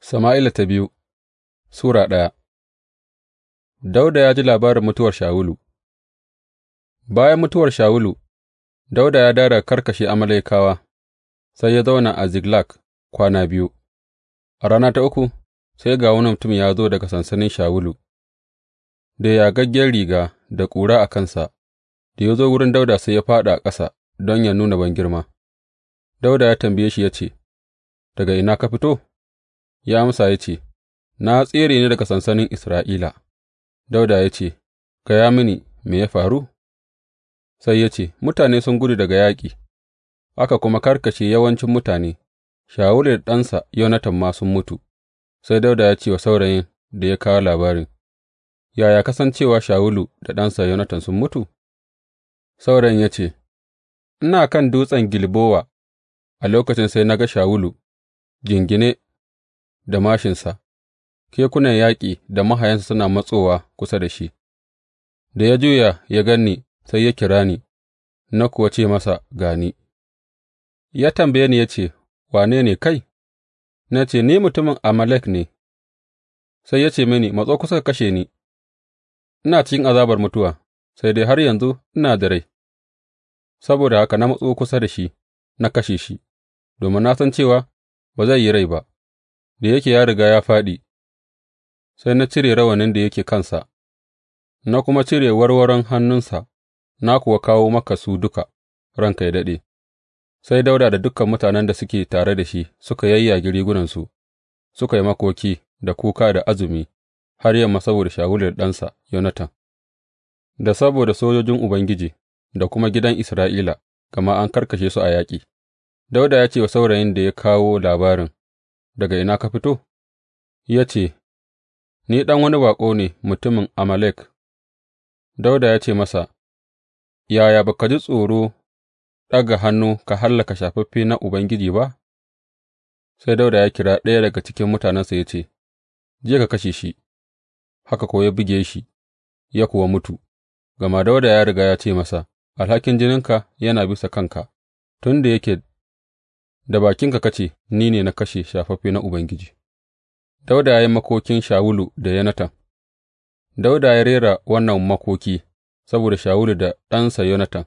Sama'ila ta biyu Sura ɗaya Dauda ya ji labarin mutuwar Shawulu Bayan mutuwar Shawulu, Dauda ya dara karkashe Amalekawa, sai ya zauna a Ziklag kwana biyu, a rana ta uku sai ga wani mutum ya zo daga sansanin Shawulu, da ya gaggen riga da ƙura a kansa, da ya zo wurin Dauda sai ya faɗa a ƙasa don ya nuna ban girma. Dauda ya tambaye shi ya ce, Daga ina ka fito? Ya amsa ya ce, Na tsere ne daga sansanin Isra'ila. Dauda ya ce, Gaya mini, me ya faru? Sai ya ce, Mutane sun gudu daga yaƙi, aka kuma karkashe yawancin mutane, Shawulu da ɗansa Yonatan ma sun mutu. Sai Dauda ya ce wa saurayin da ya kawo labarin, Yaya kasancewa Shawulu da ɗansa Yonatan sun mutu? Saurayin ya ce, Ina kan dutsen Gilbowa, a lokacin sai na ga Shawulu Gingine. da māshinsa, kekunan yaƙi da mahayansa suna matsowa kusa da shi, da ya juya ya gan ni sai ya kira ni, na kuwa ce masa gani. Ya tambaye ni ya ce, Wane ne kai? Na ce, Ni mutumin Amalek ne, sai ya ce mini, Matso kusa kashe ni, ina cikin azabar mutuwa, sai dai har yanzu ina da rai, saboda haka na matso kusa da shi, na kashe shi, domin na san cewa ba zai yi rai ba. Da yake ya riga ya fāɗi, sai na cire rawanin da yake kansa, na kuma cire warwaron hannunsa, na kuwa kawo maka su duka, ranka yă daɗe. Sai Dauda da dukan mutanen da suke tare da shi suka yayyage rigunansu, suka yi makoki da kuka da azumi har yamma saboda Shawulu ɗansa Yonatan, da saboda sojojin Ubangiji da kuma gidan Isra'ila, gama an karkashe su a yaƙi. Dauda ya ce wa saurayin da ya kawo labarin. Daga ina ka fito?’ ya ce, Ni ɗan wani baƙo ne mutumin Amalek, Dauda ya ce masa, Yaya ba ka ji tsoro ɗaga hannu ka hallaka shafaffe na Ubangiji ba? Sai Dauda ya kira ɗaya daga cikin mutanensa ya ce, Je ka kashe shi, haka ko ya buge shi, ya kuwa mutu, gama Dauda ya riga ya ce masa, Alhakin jininka yana bisa kanka, tun da yake da bakinka ka ce, Ni ne na kashe shafaffe na Ubangiji. Dauda ya yi makokin Shawulu da Yonatan Dauda ya rera wannan makoki saboda Shawulu da ɗansa Yonatan,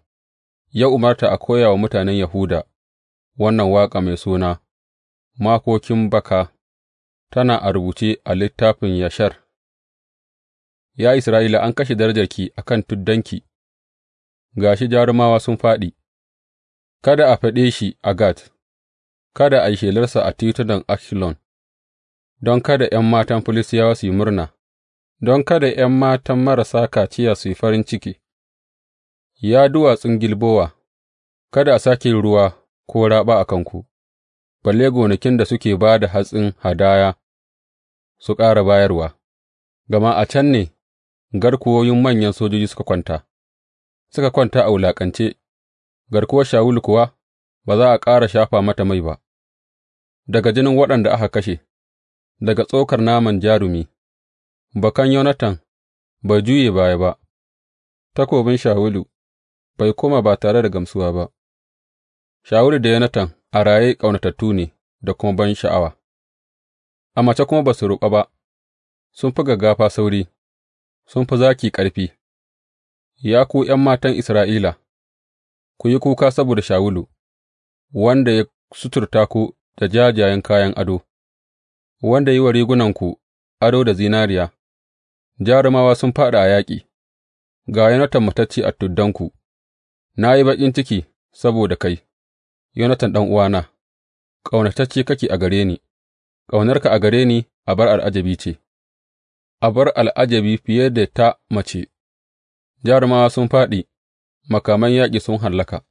ya umarta a koya wa mutanen Yahuda wannan waƙa mai suna Makokin Baka, tana a rubuce a littafin Yashar. Ya Isra'ila, an kashe darajarki a kan tuddanki, ga shi jarumawa sun faɗi. kada a faɗe shi a Gat. Kada a yi shelarsa a titunan Ashkelon, don kada ’yan matan Filistiyawa su yi murna, don kada ’yan matan marasa kaciya su yi farin ciki, Ya duwatsun Gilbowa, kada a sake ruwa ko raɓa a kanku, balle gonakin da suke ba da hatsin hadaya su ƙara bayarwa, gama a can ne garkuwoyin manyan sojoji suka kwanta, suka kwanta a wulaƙance, garkuwar Shawulu kuwa. ba za a ƙara shafa mata mai ba, daga jinin waɗanda aka kashe, daga tsokar naman jarumi, bakan Yonatan bai juye baya ba, takobin Shawulu bai koma ba tare da gamsuwa ba, Shawulu da Yonatan a raye ƙaunatattu ne da kuma ban sha'awa, a mace kuma ba su ruɓa ba, sun fi gaggafa sauri, sun fi zaki ƙarfi, ya ku ’yan matan Isra'ila, ku yi kuka saboda Shawulu. wanda ya suturta ku da jajayen kayan ado, wanda ya yi wa rigunanku ado da zinariya, jarumawa sun faɗa a yaƙi, ga Yonatan matacce a tuddanku, na yi baƙin ciki saboda kai, Yonatan ɗan'uwana, ƙaunatacce kake a gare ni, ƙaunarka a gare ni a bar al'ajabi ce, A bar al'ajabi fiye da ta mace, jarumawa sun faɗi. makaman yaƙi sun hallaka.